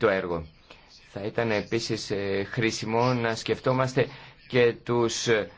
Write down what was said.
το έργο. Θα ήταν επίσης ε, χρήσιμο να σκεφτόμαστε και τους ε,